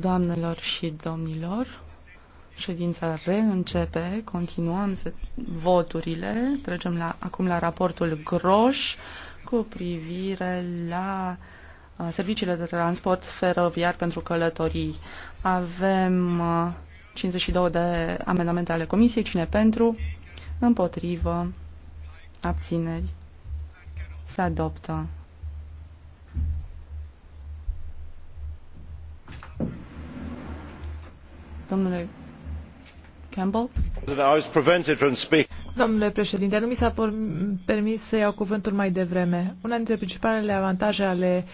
Doamnelor și domnilor, ședința reîncepe, continuăm voturile, trecem la, acum la raportul Groș cu privire la uh, serviciile de transport feroviar pentru călătorii. Avem 52 uh, de amendamente ale Comisiei, cine pentru, împotrivă, abțineri, se adoptă. Campbell. Domnule președinte, nu mi s-a permis să iau cuvântul mai devreme. Una dintre principalele avantaje ale